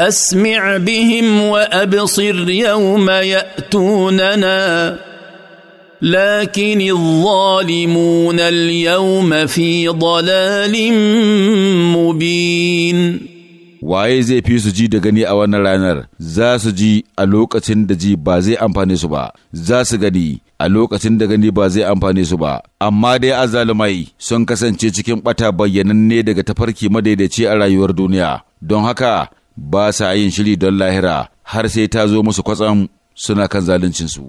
اسمع بهم وابصر يوم ياتوننا لكن الظالمون اليوم في ضلال مبين waye zai fi su ji da gani a wannan ranar za su ji a lokacin da ji ba zai amfane su ba za su gani a lokacin da gani ba zai amfane su ba amma dai azalumai sun kasance cikin bata bayyananne daga tafarki madaidaici a rayuwar duniya don haka ba sa yin shiri don lahira har sai ta zo musu kwatsam suna kan zaluncinsu.